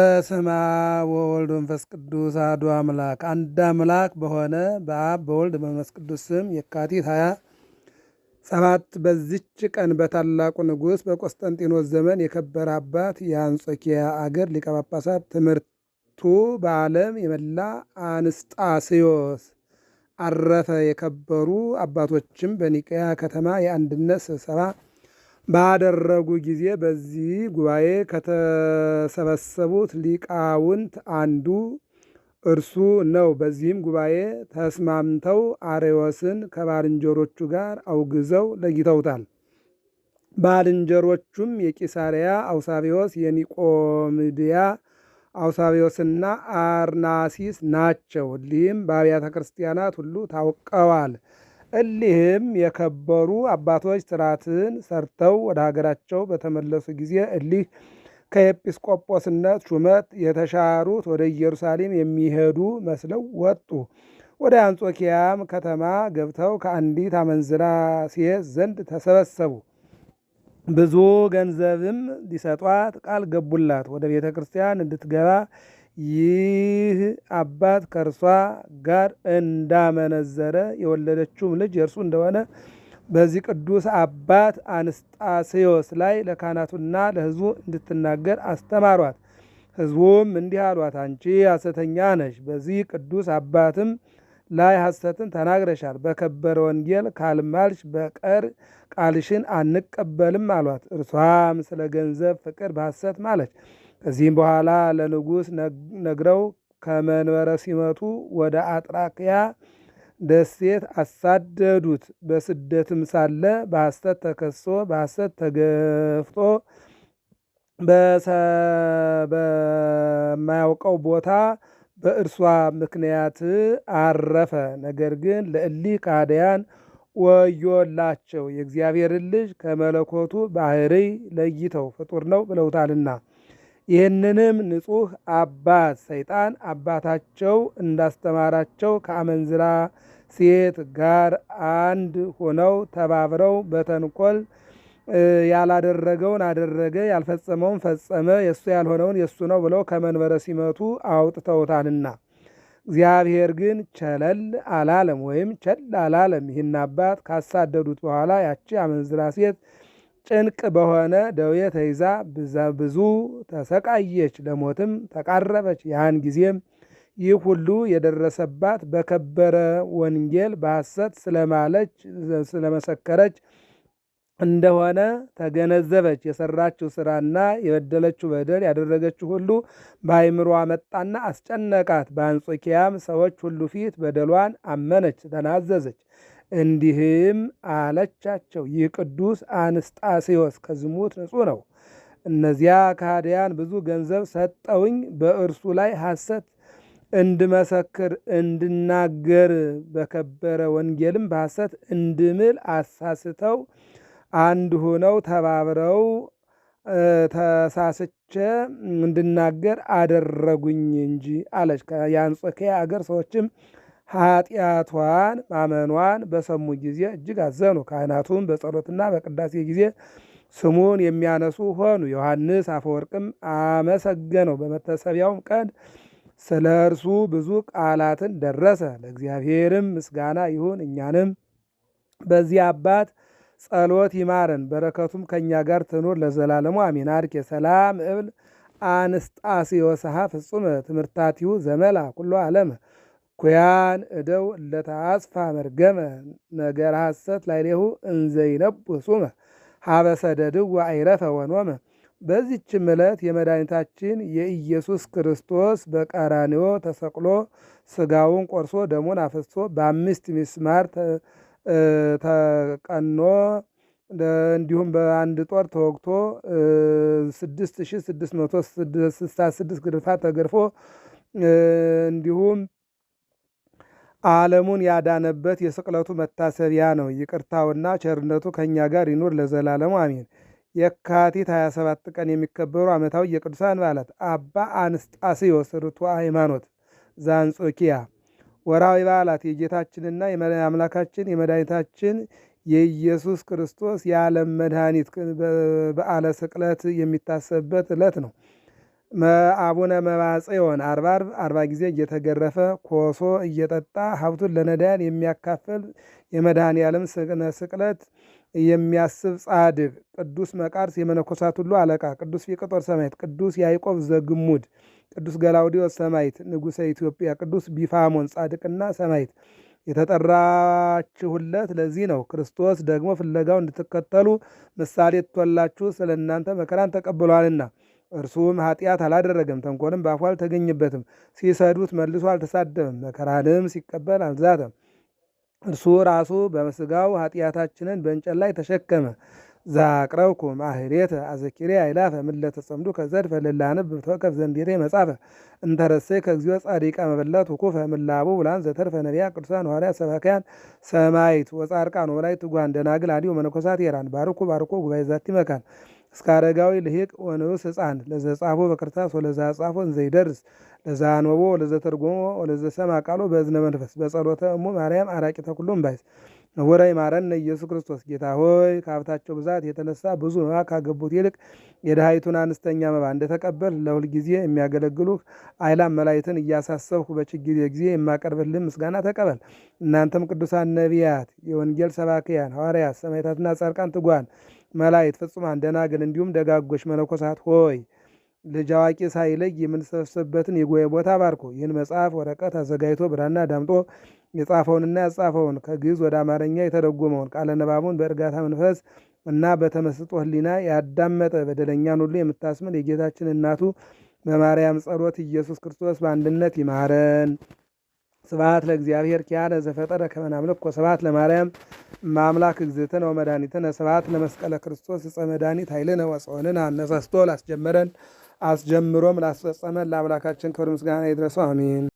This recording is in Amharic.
በስመ አብ ወወልድ ወመንፈስ ቅዱስ አሐዱ አምላክ አንድ አምላክ በሆነ በአብ በወልድ በመንፈስ ቅዱስ ስም የካቲት ሀያ ሰባት በዚች ቀን በታላቁ ንጉሥ በቆስጠንጢኖስ ዘመን የከበረ አባት የአንጾኪያ አገር ሊቀ ጳጳሳት ትምህርቱ በዓለም የመላ አንስጣስዮስ አረፈ። የከበሩ አባቶችም በኒቅያ ከተማ የአንድነት ስብሰባ ባደረጉ ጊዜ በዚህ ጉባኤ ከተሰበሰቡት ሊቃውንት አንዱ እርሱ ነው። በዚህም ጉባኤ ተስማምተው አሬዎስን ከባልንጀሮቹ ጋር አውግዘው ለይተውታል። ባልንጀሮቹም የቂሳሪያ አውሳቢዎስ፣ የኒቆምድያ አውሳቢዎስና አርናሲስ ናቸው። ሊህም በአብያተ ክርስቲያናት ሁሉ ታውቀዋል። እሊህም የከበሩ አባቶች ስርዓትን ሰርተው ወደ ሀገራቸው በተመለሱ ጊዜ እሊህ ከኤጲስቆጶስነት ሹመት የተሻሩት ወደ ኢየሩሳሌም የሚሄዱ መስለው ወጡ። ወደ አንጾኪያም ከተማ ገብተው ከአንዲት አመንዝራ ሴት ዘንድ ተሰበሰቡ። ብዙ ገንዘብም ሊሰጧት ቃል ገቡላት። ወደ ቤተ ክርስቲያን እንድትገባ ይህ አባት ከእርሷ ጋር እንዳመነዘረ የወለደችውም ልጅ የእርሱ እንደሆነ በዚህ ቅዱስ አባት አንስጣሴዎስ ላይ ለካህናቱና ለሕዝቡ እንድትናገር አስተማሯት። ሕዝቡም እንዲህ አሏት፣ አንቺ ሐሰተኛ ነሽ። በዚህ ቅዱስ አባትም ላይ ሐሰትን ተናግረሻል፣ በከበረ ወንጌል ካልማልሽ በቀር ቃልሽን አንቀበልም አሏት። እርሷም ስለ ገንዘብ ፍቅር በሐሰት ማለች። ከዚህም በኋላ ለንጉሥ ነግረው ከመንበረ ሲመቱ ወደ አጥራቅያ ደሴት አሳደዱት። በስደትም ሳለ በሐሰት ተከሶ በሐሰት ተገፍቶ በማያውቀው ቦታ በእርሷ ምክንያት አረፈ። ነገር ግን ለእሊህ ካህዲያን ወዮላቸው የእግዚአብሔርን ልጅ ከመለኮቱ ባሕርይ ለይተው ፍጡር ነው ብለውታልና። ይህንንም ንጹሕ አባት ሰይጣን አባታቸው እንዳስተማራቸው ከአመንዝራ ሴት ጋር አንድ ሆነው ተባብረው በተንኮል ያላደረገውን አደረገ፣ ያልፈጸመውን ፈጸመ፣ የእሱ ያልሆነውን የእሱ ነው ብለው ከመንበረ ሲመቱ አውጥተውታልና እግዚአብሔር ግን ቸለል አላለም ወይም ቸል አላለም። ይህን አባት ካሳደዱት በኋላ ያቺ አመንዝራ ሴት ጭንቅ በሆነ ደዌ ተይዛ ብዙ ተሰቃየች፣ ለሞትም ተቃረበች። ያን ጊዜም ይህ ሁሉ የደረሰባት በከበረ ወንጌል በሐሰት ስለማለች ስለመሰከረች እንደሆነ ተገነዘበች። የሰራችው ስራና የበደለችው በደል ያደረገችው ሁሉ በአይምሮ መጣና አስጨነቃት። በአንጾኪያም ሰዎች ሁሉ ፊት በደሏን አመነች፣ ተናዘዘች። እንዲህም አለቻቸው፣ ይህ ቅዱስ አንስጣሴዎስ ከዝሙት ንጹሕ ነው። እነዚያ ካህዲያን ብዙ ገንዘብ ሰጠውኝ፣ በእርሱ ላይ ሐሰት እንድመሰክር እንድናገር፣ በከበረ ወንጌልም በሐሰት እንድምል አሳስተው አንድ ሆነው ተባብረው ተሳስቼ እንድናገር አደረጉኝ እንጂ አለች። የአንጾኪያ አገር ሰዎችም ኃጢአቷን ማመኗን በሰሙ ጊዜ እጅግ አዘኑ። ካህናቱም በጸሎትና በቅዳሴ ጊዜ ስሙን የሚያነሱ ሆኑ። ዮሐንስ አፈወርቅም አመሰገነው። በመታሰቢያውም ቀን ስለ እርሱ ብዙ ቃላትን ደረሰ። ለእግዚአብሔርም ምስጋና ይሁን እኛንም በዚህ አባት ጸሎት ይማረን፣ በረከቱም ከእኛ ጋር ትኑር ለዘላለሙ አሚን። አርኬ ሰላም እብል አንስጣስዮስሃ ፍጹመ ትምህርታቲሁ ዘመላ ኩሎ ዓለም ኩያን እደው ለተአጽፋ መርገመ ነገር ሐሰት ላይሌሁ እንዘይነቡ ሱመ ሀበሰደድው አይረፈ ወኖመ። በዚች ዕለት የመድኃኒታችን የኢየሱስ ክርስቶስ በቀራንዮ ተሰቅሎ ስጋውን ቆርሶ ደሙን አፈሶ በአምስት ሚስማር ተቀኖ እንዲሁም በአንድ ጦር ተወግቶ 6666 ሺህ ግርፋት ተገርፎ እንዲሁም ዓለሙን ያዳነበት የስቅለቱ መታሰቢያ ነው። ይቅርታውና ቸርነቱ ከእኛ ጋር ይኑር ለዘላለሙ አሚን የካቲት 27 ቀን የሚከበሩ ዓመታዊ የቅዱሳን በዓላት አባ አንስጣስዮስ ርቱዐ ሃይማኖት ዘአንጾኪያ ወራዊ በዓላት የጌታችንና የአምላካችን የመድኃኒታችን የኢየሱስ ክርስቶስ የዓለም መድኃኒት በዓለ ስቅለት የሚታሰብበት ዕለት ነው። አቡነ መባጽዮን አርባ አርብ አርባ ጊዜ እየተገረፈ ኮሶ እየጠጣ ሀብቱን ለነዳያን የሚያካፍል የመድኃኔ ዓለም ስቅለት የሚያስብ ጻድቅ ቅዱስ መቃርስ የመነኮሳት ሁሉ አለቃ፣ ቅዱስ ፊቅጦር ሰማዕት፣ ቅዱስ ያዕቆብ ዘግሙድ፣ ቅዱስ ገላውዲዮስ ሰማዕት ንጉሠ ኢትዮጵያ፣ ቅዱስ ቢፋሞን ጻድቅና ሰማዕት። የተጠራችሁለት ለዚህ ነው። ክርስቶስ ደግሞ ፍለጋው እንድትከተሉ ምሳሌ ትቶላችሁ ስለ እናንተ መከራን ተቀብሏልና። እርሱም ኃጢአት አላደረገም፣ ተንኮልም በአፉ አልተገኘበትም። ሲሰዱት መልሶ አልተሳደበም፣ መከራንም ሲቀበል አልዛተም። እርሱ ራሱ በሥጋው ኃጢአታችንን በእንጨት ላይ ተሸከመ። ዛቅረብኩ ማህሌተ አዘኪሬ አይላፈ ምለተ ጽምዱ ከዘድ ፈልላንብ ብትወከፍ ዘንዴሬ መጻፈ እንተረሴ ከእግዚኦ ጻዲቃ መበለት ውኩፈ ምላቡ ብላን ዘተርፈ ነቢያ ቅዱሳን ሐዋርያ ሰባካያን ሰማይት ወጻድቃን ወላይት ትጓን ደናግል አዲሁ መነኮሳት የራን ባርኩ ባርኮ ጉባኤ ዛቲ መካን እስከ አረጋዊ ልሂቅ ወንዑስ ሕፃን ለዘጻፎ በክርታስ ወለዛ ጻፎ እንዘይደርስ ለዛ አንበቦ ወለዘሰማ ቃሎ በእዝነ መንፈስ በጸሎተ እሙ ማርያም አራቂ ተኩሎም ባይስ ወራይ ማረነ ኢየሱስ ክርስቶስ ጌታ ሆይ ከሀብታቸው ብዛት የተነሳ ብዙ መባ ካገቡት ይልቅ የድሃይቱን አነስተኛ መባ እንደተቀበል ለሁል ጊዜ የሚያገለግሉ አይላም መላይትን እያሳሰብሁ በችግር ጊዜ የማቀርብልን ምስጋና ተቀበል። እናንተም ቅዱሳን ነቢያት፣ የወንጌል ሰባክያን ሐዋርያት፣ ሰማዕታትና ጻድቃን ትጓን መላእክት ፍጹማን ደናግል፣ እንዲሁም ደጋጎች መነኮሳት ሆይ ልጅ አዋቂ ሳይለይ የምንሰበሰብበትን የጉባኤ ቦታ ባርኮ ይህን መጽሐፍ ወረቀት አዘጋጅቶ ብራና ዳምጦ የጻፈውንና ያጻፈውን ከግዕዝ ወደ አማርኛ የተደጎመውን ቃለ ንባቡን በእርጋታ መንፈስ እና በተመስጦ ሕሊና ያዳመጠ በደለኛን ሁሉ የምታስምር የጌታችን እናቱ በማርያም ጸሎት ኢየሱስ ክርስቶስ በአንድነት ይማረን። ስብሐት ለእግዚአብሔር ኪያነ ዘፈጠረ ከመ ናምልኮ ስብሐት ለማርያም ማምላክ እግዝእትነ ወመድኃኒትነ ስብሐት ለመስቀለ ክርስቶስ ዕፀ መድኃኒት ኃይልነ ወጽዮንን አነሳስቶ ላስጀመረን አስጀምሮም ላስፈጸመን ለአምላካችን ክብር ምስጋና ይድረሰው አሜን።